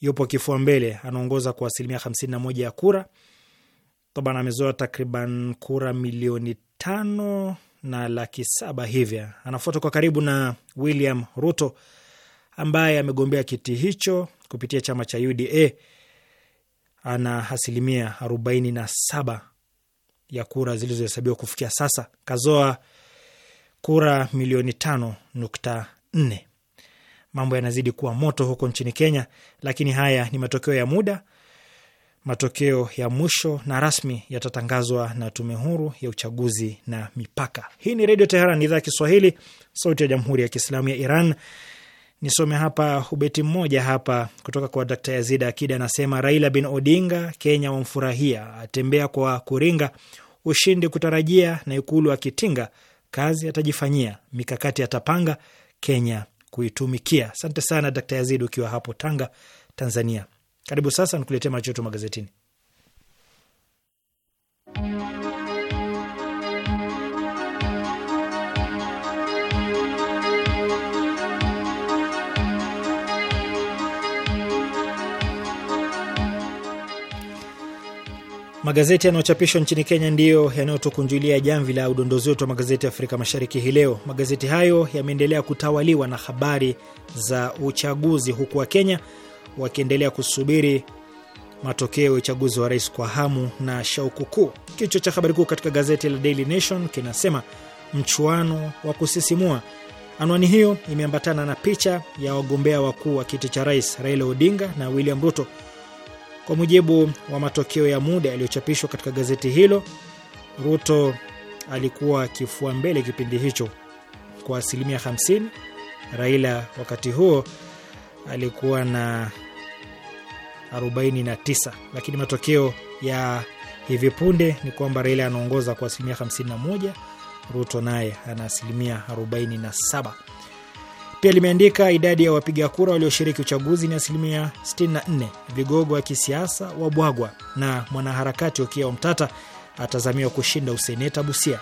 Speaker 3: yupo kifua mbele, anaongoza kwa asilimia 51 ya kura. Toban amezoa takriban kura milioni tano na laki saba hivya. Anafuatwa kwa karibu na William Ruto ambaye amegombea kiti hicho kupitia chama cha UDA ana asilimia arobaini na saba ya kura zilizohesabiwa kufikia sasa. Kazoa kura milioni tano nukta nne. Mambo yanazidi kuwa moto huko nchini Kenya, lakini haya ni matokeo ya muda. Matokeo ya mwisho na rasmi yatatangazwa na Tume Huru ya Uchaguzi na Mipaka. Hii ni Redio Teheran, idhaa ya Kiswahili, sauti ya Jamhuri ya Kiislamu ya Iran. Nisome hapa ubeti mmoja hapa kutoka kwa Dkt. Yazid Akida, anasema Raila bin Odinga Kenya wamfurahia, atembea kwa kuringa, ushindi kutarajia, na Ikulu akitinga, kazi atajifanyia, mikakati atapanga, Kenya kuitumikia. Asante sana Dkt. Yazid ukiwa hapo Tanga, Tanzania. Karibu sasa nikuletee macho yetu magazetini. Magazeti yanayochapishwa nchini Kenya ndiyo yanayotukunjulia jamvi la udondozi wetu wa magazeti ya Afrika Mashariki hii leo. Magazeti hayo yameendelea kutawaliwa na habari za uchaguzi, huku Wakenya wakiendelea kusubiri matokeo ya uchaguzi wa rais kwa hamu na shauku kuu. Kichwa cha habari kuu katika gazeti la Daily Nation kinasema mchuano wa kusisimua. Anwani hiyo imeambatana na picha ya wagombea wakuu wa kiti cha rais Raila Odinga na William Ruto kwa mujibu wa matokeo ya muda yaliyochapishwa katika gazeti hilo, Ruto alikuwa kifua mbele kipindi hicho kwa asilimia 50. Raila wakati huo alikuwa na 49, lakini matokeo ya hivi punde ni kwamba Raila anaongoza kwa asilimia 51, Ruto naye ana asilimia 47. Pia limeandika idadi ya wapiga kura walioshiriki uchaguzi ni asilimia 64. Vigogo wa kisiasa wabwagwa, na mwanaharakati Okiya Omtata atazamiwa kushinda useneta Busia.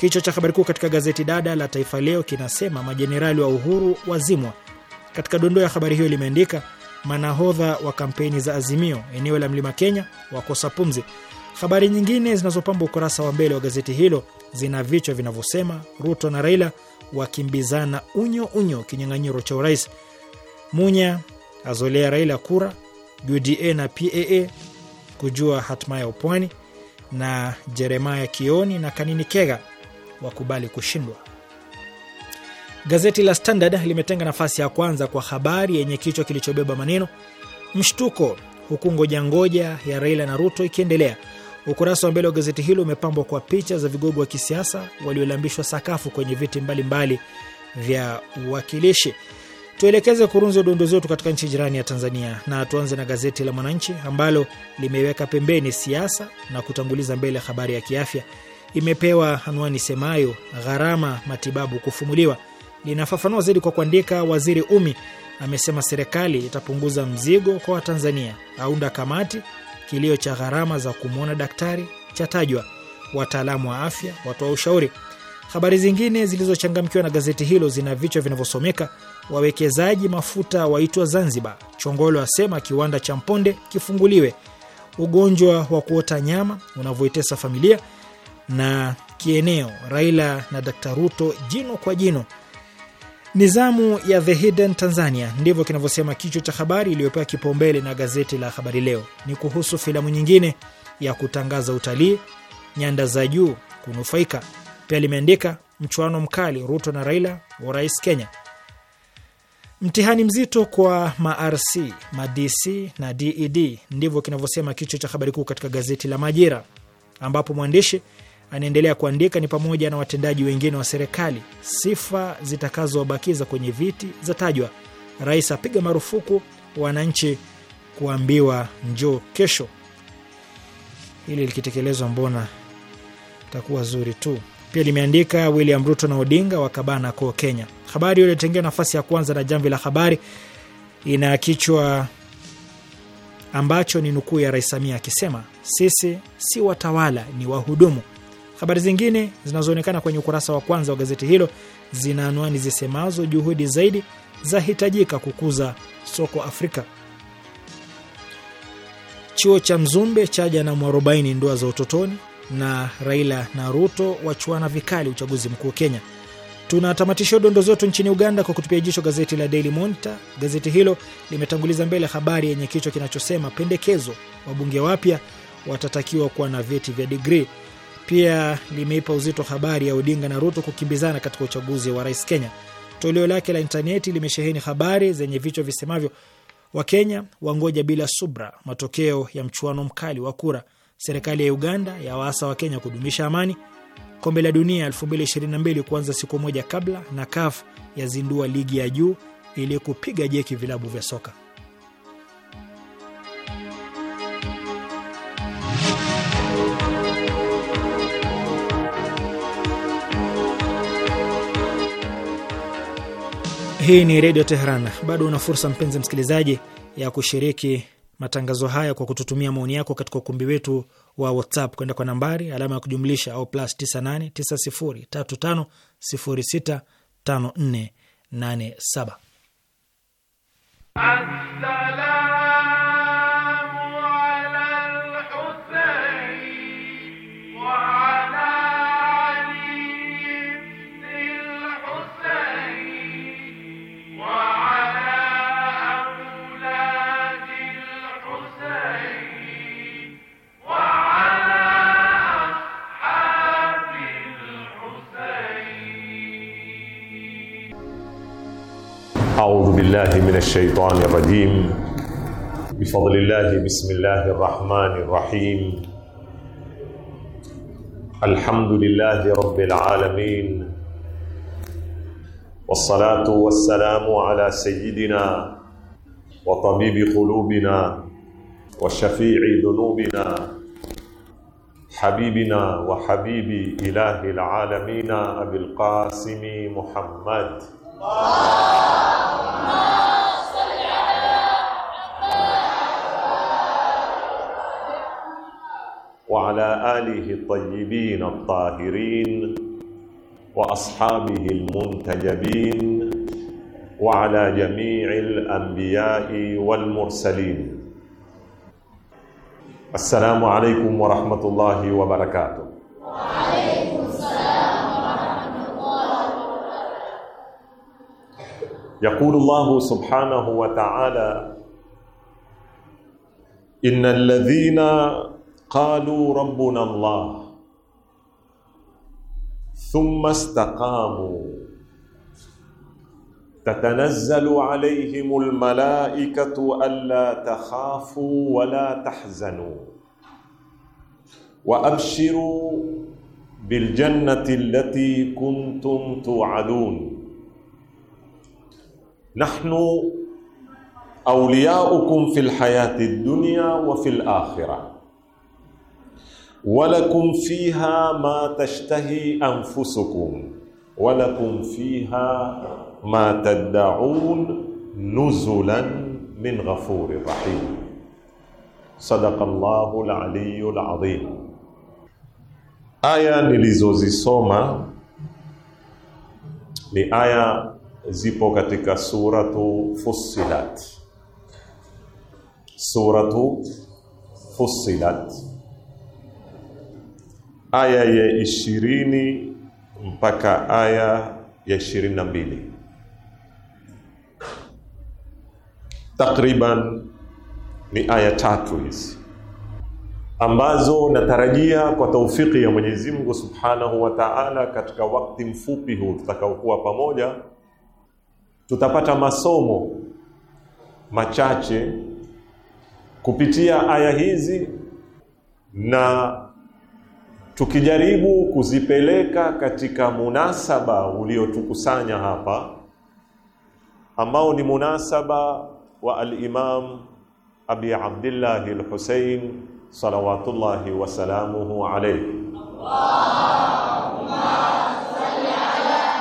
Speaker 3: Kichwa cha habari kuu katika gazeti dada la Taifa Leo kinasema majenerali wa Uhuru wazimwa. Katika dondoo ya habari hiyo limeandika manahodha wa kampeni za Azimio eneo la Mlima Kenya wakosa pumzi. Habari nyingine zinazopamba ukurasa wa mbele wa gazeti hilo zina vichwa vinavyosema Ruto na Raila wakimbizana unyo unyo kinyang'anyiro cha urais. Munya azolea Raila kura, UDA na PAA kujua hatima ya upwani, na Jeremaya Kioni na Kanini Kega wakubali kushindwa. Gazeti la Standard limetenga nafasi ya kwanza kwa habari yenye kichwa kilichobeba maneno mshtuko huku ngojangoja ya Raila na Ruto ikiendelea. Ukurasa wa mbele wa gazeti hilo umepambwa kwa picha za vigogo wa kisiasa waliolambishwa sakafu kwenye viti mbalimbali mbali vya uwakilishi. Tuelekeze kurunzi udondozi wetu katika nchi jirani ya Tanzania, na tuanze na gazeti la Mwananchi ambalo limeweka pembeni siasa na kutanguliza mbele habari ya kiafya. Imepewa anwani semayo gharama matibabu kufumuliwa. Linafafanua zaidi kwa kuandika, Waziri Umi amesema serikali itapunguza mzigo kwa Watanzania, aunda kamati kilio cha gharama za kumwona daktari chatajwa, wataalamu wa afya watoa wa ushauri. Habari zingine zilizochangamkiwa na gazeti hilo zina vichwa vinavyosomeka wawekezaji mafuta waitwa Zanzibar, Chongolo asema kiwanda cha mponde kifunguliwe, ugonjwa wa kuota nyama unavyoitesa familia, na kieneo, Raila na Dkt Ruto jino kwa jino Nizamu ya The Hidden Tanzania, ndivyo kinavyosema kichwa cha habari iliyopewa kipaumbele na gazeti la Habari Leo. Ni kuhusu filamu nyingine ya kutangaza utalii, nyanda za juu kunufaika. Pia limeandika mchuano mkali Ruto na Raila wa rais Kenya, mtihani mzito kwa marc madc na ded, e ndivyo kinavyosema kichwa cha habari kuu katika gazeti la Majira, ambapo mwandishi anaendelea kuandika, ni pamoja na watendaji wengine wa serikali. Sifa zitakazowabakiza kwenye viti zatajwa: rais apiga marufuku wananchi kuambiwa njoo kesho. Hili likitekelezwa, mbona takuwa zuri tu. Pia limeandika William Ruto na Odinga wakabana koo Kenya. Habari hiyo ilitengewa nafasi ya kwanza na Jamvi la Habari ina kichwa ambacho ni nukuu ya Rais Samia akisema, sisi si watawala, ni wahudumu. Habari zingine zinazoonekana kwenye ukurasa wa kwanza wa gazeti hilo zina anwani zisemazo juhudi zaidi zahitajika kukuza soko Afrika, chuo cha Mzumbe chaja na mwarobaini ndoa za utotoni, na Raila na Ruto wachuana vikali uchaguzi mkuu Kenya. Tunatamatisha dondo zetu nchini Uganda kwa kutupia jicho gazeti la Daily Monitor. Gazeti hilo limetanguliza mbele habari yenye kichwa kinachosema pendekezo, wabunge wapya watatakiwa kuwa na vyeti vya digrii pia limeipa uzito habari ya Odinga na Ruto kukimbizana katika uchaguzi wa rais Kenya. Toleo lake la intaneti limesheheni habari zenye vichwa visemavyo: Wakenya wangoja bila subra matokeo ya mchuano mkali wa kura, serikali ya Uganda ya waasa wa Kenya kudumisha amani, kombe la dunia 2022 kuanza siku moja kabla, na CAF yazindua ligi ya juu ili kupiga jeki vilabu vya soka. Hii ni Redio Teheran. Bado una fursa mpenzi msikilizaji, ya kushiriki matangazo haya kwa kututumia maoni yako katika ukumbi wetu wa WhatsApp kwenda kwa nambari alama ya kujumlisha au plus 989035065487.
Speaker 1: بالله من الشيطان الرجيم بفضل الله بسم الله الرحمن الرحيم الحمد لله رب العالمين والصلاة والسلام على سيدنا وطبيب قلوبنا وشفيع ذنوبنا حبيبنا وحبيب إله العالمين أبي القاسم محمد وعلى آله الطيبين الطاهرين وأصحابه المنتجبين وعلى جميع الأنبياء والمرسلين السلام عليكم ورحمة الله وبركاته
Speaker 5: وعليكم السلام ورحمة الله وبركاته
Speaker 1: يقول الله سبحانه وتعالى إن الذين قالوا ربنا الله ثم استقاموا تتنزل عليهم الملائكة ألا تخافوا ولا تحزنوا وأبشروا بالجنة التي كنتم توعدون نحن أولياؤكم في الحياة الدنيا وفي الآخرة ولكم فيها ما تشتهي أنفسكم ولكم فيها ما تدعون نزلا من غفور رحيم صدق الله العلي العظيم aya آية nilizozisoma ni aya آية zipo katika suratu fussilat suratu fussilat aya ya ishirini mpaka aya ya ishirini na mbili takriban ni aya tatu hizi ambazo natarajia kwa taufiki ya Mwenyezi Mungu Subhanahu wa Ta'ala, katika wakati mfupi huu tutakaokuwa pamoja, tutapata masomo machache kupitia aya hizi na tukijaribu kuzipeleka katika munasaba uliotukusanya hapa ambao ni munasaba wa al-Imam Abi Abdullah al-Husayn salawatullahi wa salamuhu alayhi.
Speaker 5: Allahumma salli ala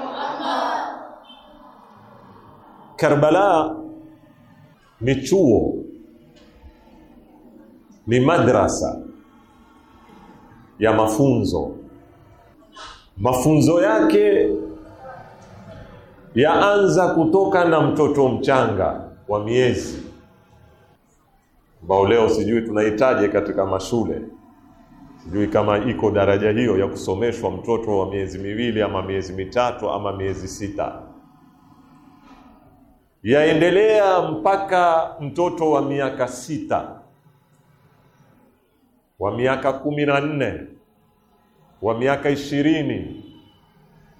Speaker 1: Muhammad. Karbala ni chuo ni madrasa ya mafunzo. Mafunzo yake yaanza kutoka na mtoto mchanga wa miezi ambao leo sijui tunahitaji katika mashule, sijui kama iko daraja hiyo ya kusomeshwa mtoto wa miezi miwili ama miezi mitatu ama miezi sita, yaendelea mpaka mtoto wa miaka sita wa miaka kumi na nne wa miaka ishirini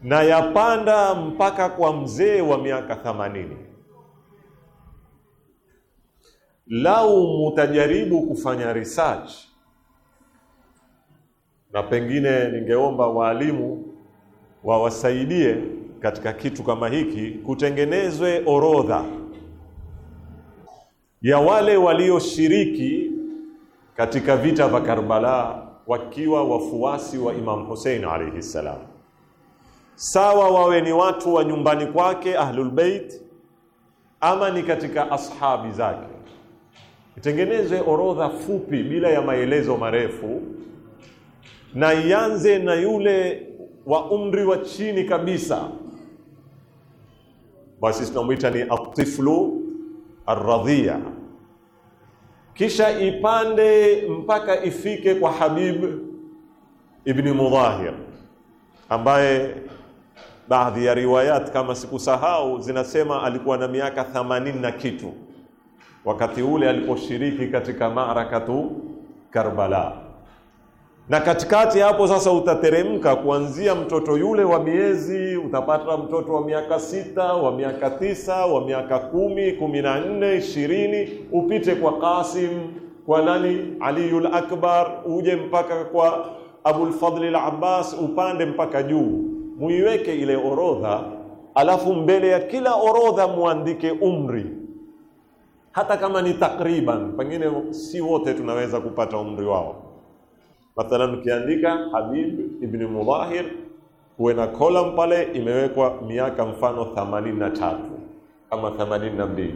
Speaker 1: na yapanda mpaka kwa mzee wa miaka thamanini. Lau mutajaribu kufanya research, na pengine ningeomba waalimu wawasaidie katika kitu kama hiki, kutengenezwe orodha ya wale walioshiriki katika vita vya Karbala wakiwa wafuasi wa Imam Hussein alayhi salam, sawa wawe ni watu wa nyumbani kwake Ahlul Bait ama ni katika ashabi zake. Itengenezwe orodha fupi bila ya maelezo marefu, na ianze na yule wa umri wa chini kabisa, basi tunamwita ni atiflu arradhia kisha ipande mpaka ifike kwa Habib ibni Mudhahir ambaye baadhi ya riwayat kama sikusahau zinasema alikuwa na miaka 80 na kitu wakati ule aliposhiriki katika maarakatu Karbala na katikati hapo sasa utateremka kuanzia mtoto yule wa miezi, utapata mtoto wa miaka sita, wa miaka tisa, wa miaka kumi, kumi na nne, ishirini, upite kwa Qasim, kwa nani, Aliyul Akbar, uje mpaka kwa Abulfadli al Abbas, upande mpaka juu. Muiweke ile orodha, alafu mbele ya kila orodha muandike umri, hata kama ni takriban, pengine si wote tunaweza kupata umri wao Mathalan, ukiandika Habib ibn Mudahir huwe na kolam pale imewekwa miaka mfano 83 ama 82,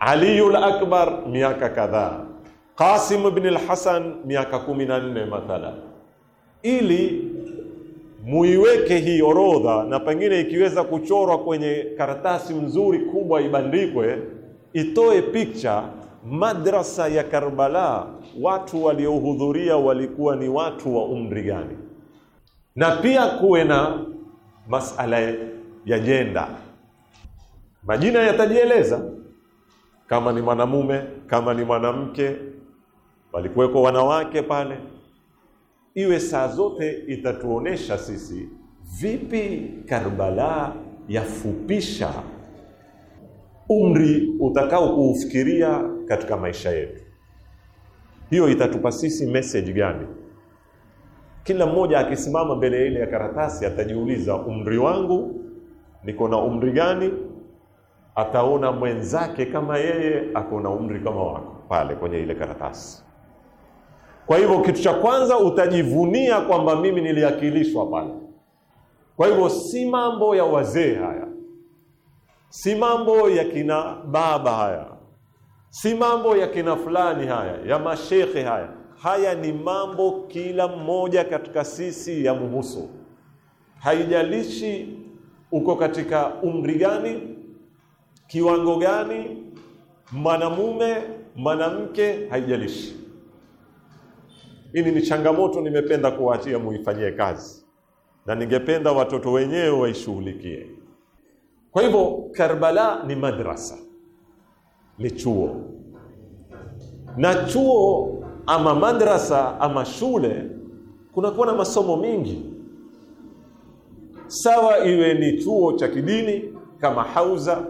Speaker 1: Aliul Akbar miaka kadhaa, Qasim ibn al-Hasan miaka 14 mathalan, ili muiweke hii orodha, na pengine ikiweza kuchorwa kwenye karatasi mzuri kubwa ibandikwe, itoe picha madrasa ya Karbala watu waliohudhuria walikuwa ni watu wa umri gani, na pia kuwe na masala ya jenda. Majina yatajieleza kama ni mwanamume, kama ni mwanamke, walikuweko wanawake pale. Iwe saa zote itatuonesha sisi vipi Karbala yafupisha umri utakao kuufikiria katika maisha yetu hiyo itatupa sisi message gani kila mmoja akisimama mbele ile ya karatasi atajiuliza umri wangu niko na umri gani ataona mwenzake kama yeye ako na umri kama wako pale kwenye ile karatasi kwa hivyo kitu cha kwanza utajivunia kwamba mimi niliakilishwa pale kwa hivyo si mambo ya wazee haya si mambo ya kina baba haya si mambo ya kina fulani haya ya mashekhe haya haya ni mambo kila mmoja katika sisi ya muhusu haijalishi uko katika umri gani kiwango gani mwanamume mwanamke haijalishi hili ni changamoto nimependa kuwaachia muifanyie kazi na ningependa watoto wenyewe waishughulikie kwa hivyo karbala ni madrasa ni chuo, na chuo ama madrasa ama shule kunakuwa na masomo mingi, sawa iwe ni chuo cha kidini kama hauza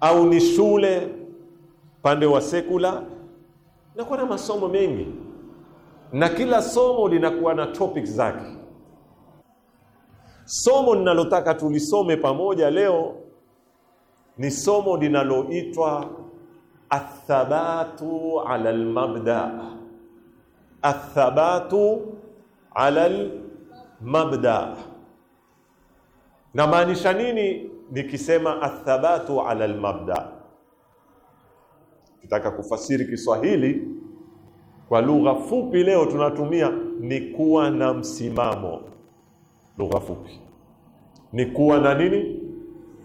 Speaker 1: au ni shule pande wa sekula, inakuwa na masomo mengi na kila somo linakuwa na topics zake. Somo ninalotaka tulisome pamoja leo ni somo linaloitwa athabatu ala almabda, athabatu ala almabda. Na maanisha nini nikisema athabatu ala almabda? Kitaka kufasiri Kiswahili kwa lugha fupi, leo tunatumia ni kuwa na msimamo. Lugha fupi ni kuwa na nini?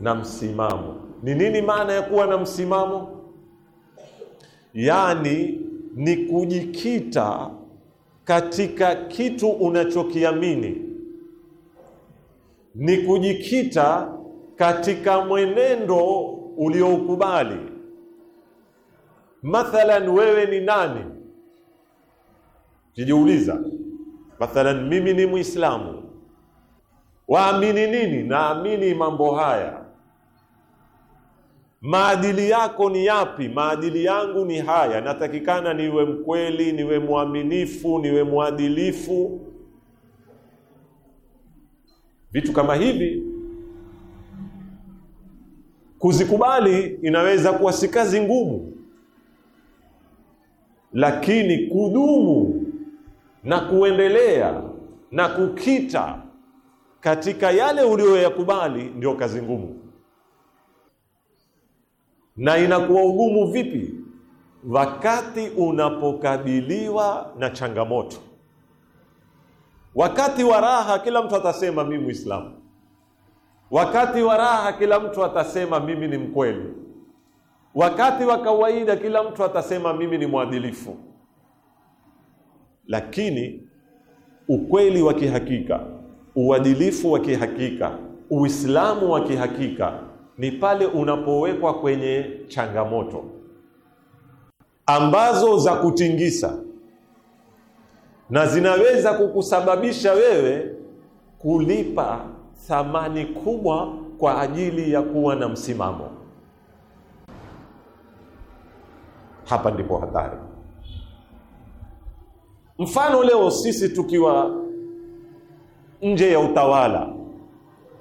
Speaker 1: Na msimamo. Ni nini maana ya kuwa na msimamo? Yaani ni kujikita katika kitu unachokiamini, ni kujikita katika mwenendo ulioukubali. Mathalan, wewe ni nani? Kijiuliza, mathalan mimi ni Muislamu, waamini nini? Naamini mambo haya Maadili yako ni yapi? Maadili yangu ni haya, natakikana niwe mkweli, niwe mwaminifu, niwe mwadilifu. Vitu kama hivi kuzikubali inaweza kuwa si kazi ngumu, lakini kudumu na kuendelea na kukita katika yale uliyoyakubali ndio kazi ngumu na inakuwa ugumu vipi? Wakati unapokabiliwa na changamoto. Wakati wa raha kila mtu atasema mimi Muislamu, wakati wa raha kila mtu atasema mimi ni mkweli, wakati wa kawaida kila mtu atasema mimi ni mwadilifu. Lakini ukweli wa kihakika, uadilifu wa kihakika, Uislamu wa kihakika ni pale unapowekwa kwenye changamoto ambazo za kutingisa na zinaweza kukusababisha wewe kulipa thamani kubwa kwa ajili ya kuwa na msimamo. Hapa ndipo hatari. Mfano, leo sisi tukiwa nje ya utawala,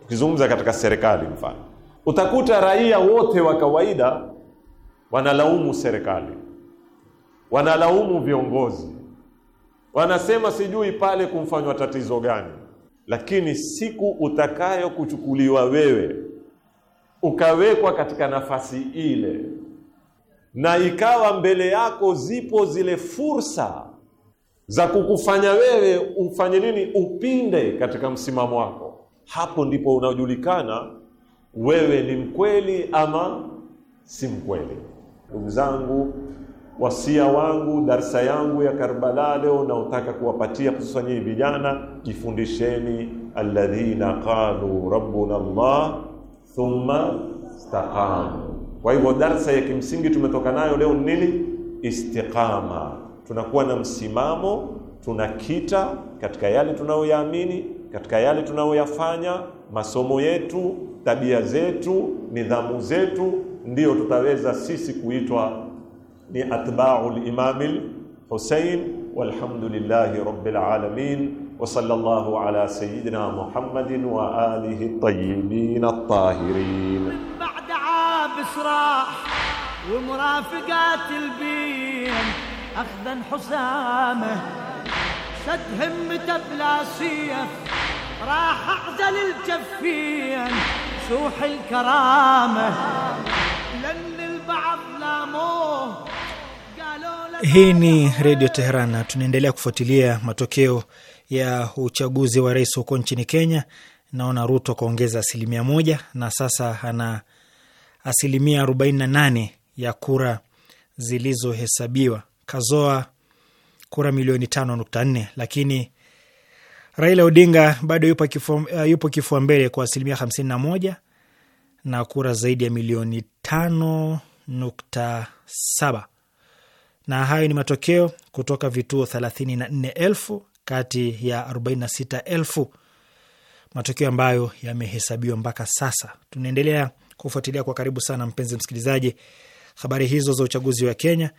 Speaker 1: tukizungumza katika serikali, mfano Utakuta raia wote wa kawaida wanalaumu serikali, wanalaumu viongozi, wanasema sijui pale kumfanywa tatizo gani. Lakini siku utakayokuchukuliwa wewe ukawekwa katika nafasi ile, na ikawa mbele yako zipo zile fursa za kukufanya wewe ufanye nini, upinde katika msimamo wako, hapo ndipo unajulikana wewe ni mkweli ama si mkweli. Ndugu zangu, wasia wangu, darsa yangu ya Karbala leo naotaka kuwapatia hususan nyinyi vijana, jifundisheni alladhina qalu rabbuna Allah thumma istaqamu. Kwa hivyo darsa ya kimsingi tumetoka nayo leo ni nini? Istiqama. Tunakuwa na msimamo, tunakita katika yale tunayoyaamini katika yale tunayoyafanya, masomo yetu, tabia zetu, nidhamu zetu, ndiyo tutaweza sisi kuitwa ni atba'u al-Imam Hussein. Walhamdulillahi rabbil alamin wa sallallahu ala sayyidina Muhammadin wa alihi at-tayyibin at-tahirin
Speaker 2: ba'da abisrah wa murafiqat al-bin akhdan husamah شد همته بلا سيف راح اعزل الجفين سوح الكرامة لن البعض لاموه
Speaker 3: hii ni Redio Teheran na tunaendelea kufuatilia matokeo ya uchaguzi wa rais huko nchini Kenya. Naona Ruto kaongeza asilimia moja na sasa ana asilimia arobaini na nane ya kura zilizohesabiwa. Kazoa kura milioni 5.4, lakini Raila Odinga bado yupo kifua, uh, yupo kifua mbele kwa asilimia 51 na kura zaidi ya milioni 5.7. Na hayo ni matokeo kutoka vituo 34,000 kati ya 46,000, matokeo ambayo yamehesabiwa mpaka sasa. Tunaendelea kufuatilia kwa karibu sana, mpenzi msikilizaji, habari hizo za uchaguzi wa Kenya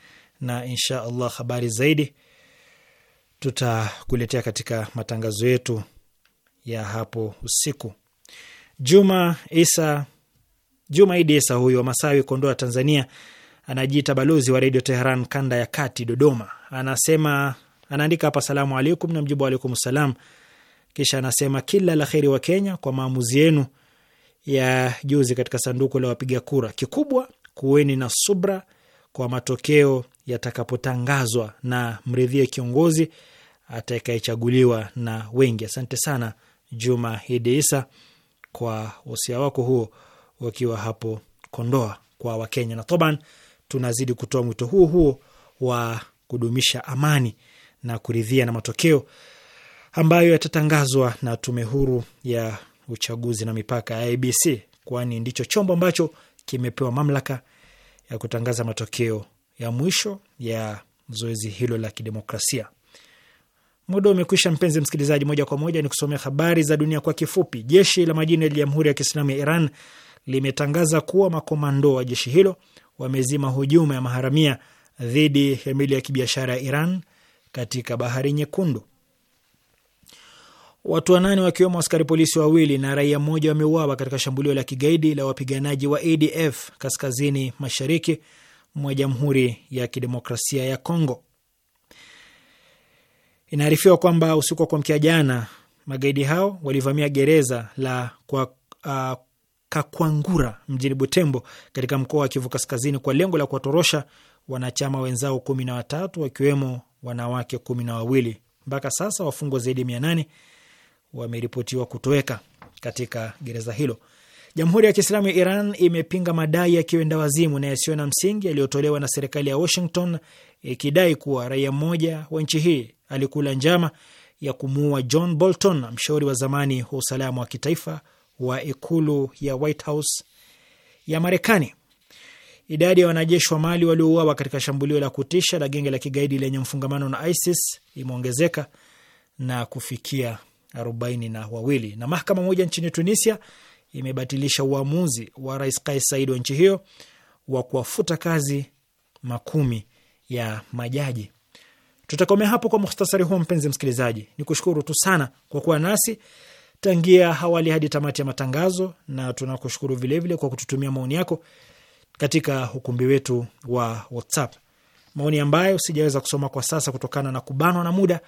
Speaker 3: na insha Allah habari zaidi tutakuletea katika matangazo yetu ya hapo usiku. Juma Isa, Juma Idi Isa huyu wa Masawi, Kondoa, Tanzania, anajiita balozi wa Redio Teheran kanda ya kati, Dodoma. Anasema, anaandika hapa salamu alaikum, na mjibu alaikum salam. Kisha anasema kila la kheri wa Kenya kwa maamuzi yenu ya juzi katika sanduku la wapiga kura. Kikubwa kuweni na subra kwa matokeo yatakapotangazwa na mridhie kiongozi atakayechaguliwa na wengi. Asante sana Juma Hidi Isa kwa wasia wako huo, wakiwa hapo Kondoa kwa Wakenya. Na toban, tunazidi kutoa mwito huo huo wa kudumisha amani na kuridhia na matokeo ambayo yatatangazwa na Tume Huru ya Uchaguzi na Mipaka ya IBC, kwani ndicho chombo ambacho kimepewa mamlaka ya kutangaza matokeo ya mwisho ya zoezi hilo la kidemokrasia. Muda umekwisha, mpenzi msikilizaji, moja kwa moja ni kusomea habari za dunia kwa kifupi. Jeshi la majini la Jamhuri ya Kiislamu ya Iran limetangaza kuwa makomando wa jeshi hilo wamezima hujuma ya maharamia dhidi ya meli ya kibiashara ya Iran katika Bahari Nyekundu. Watu wanane wakiwemo askari polisi wawili na raia mmoja wameuawa katika shambulio la kigaidi la wapiganaji wa ADF kaskazini mashariki mwa Jamhuri ya Kidemokrasia ya Kongo. Inaarifiwa kwamba usiku wa kuamkia jana magaidi hao walivamia gereza la kwa, uh, Kakwangura mjini Butembo katika mkoa wa Kivu Kaskazini kwa lengo la kuwatorosha wanachama wenzao kumi na watatu wakiwemo wanawake kumi na wawili. Mpaka sasa wafungwa zaidi ya mia nane wameripotiwa kutoweka katika gereza hilo. Jamhuri ya Kiislamu ya Iran imepinga madai ya kiwenda wazimu na yasiyo na msingi yaliyotolewa na serikali ya Washington ikidai kuwa raia mmoja wa nchi hii alikula njama ya kumuua John Bolton, mshauri wa zamani wa usalama wa kitaifa wa ikulu ya White House ya Marekani. Idadi ya wanajeshi wa Mali waliouawa katika shambulio la kutisha la genge la kigaidi lenye mfungamano na ISIS imeongezeka na kufikia arobaini na wawili. Na mahakama moja nchini Tunisia imebatilisha uamuzi wa Rais Kais Said wa nchi hiyo wa kuwafuta kazi makumi ya majaji. Tutakomea hapo kwa muhtasari huo. Mpenzi msikilizaji, ni kushukuru tu sana kwa kuwa nasi tangia hawali hadi tamati ya matangazo, na tunakushukuru vilevile kwa kututumia maoni yako katika ukumbi wetu wa WhatsApp, maoni ambayo sijaweza kusoma kwa sasa kutokana na kubanwa na muda,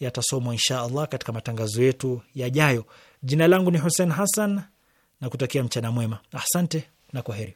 Speaker 3: yatasomwa insha Allah katika matangazo yetu yajayo. Jina langu ni Hussein Hassan, na kutakia mchana mwema. Asante na kwa heri.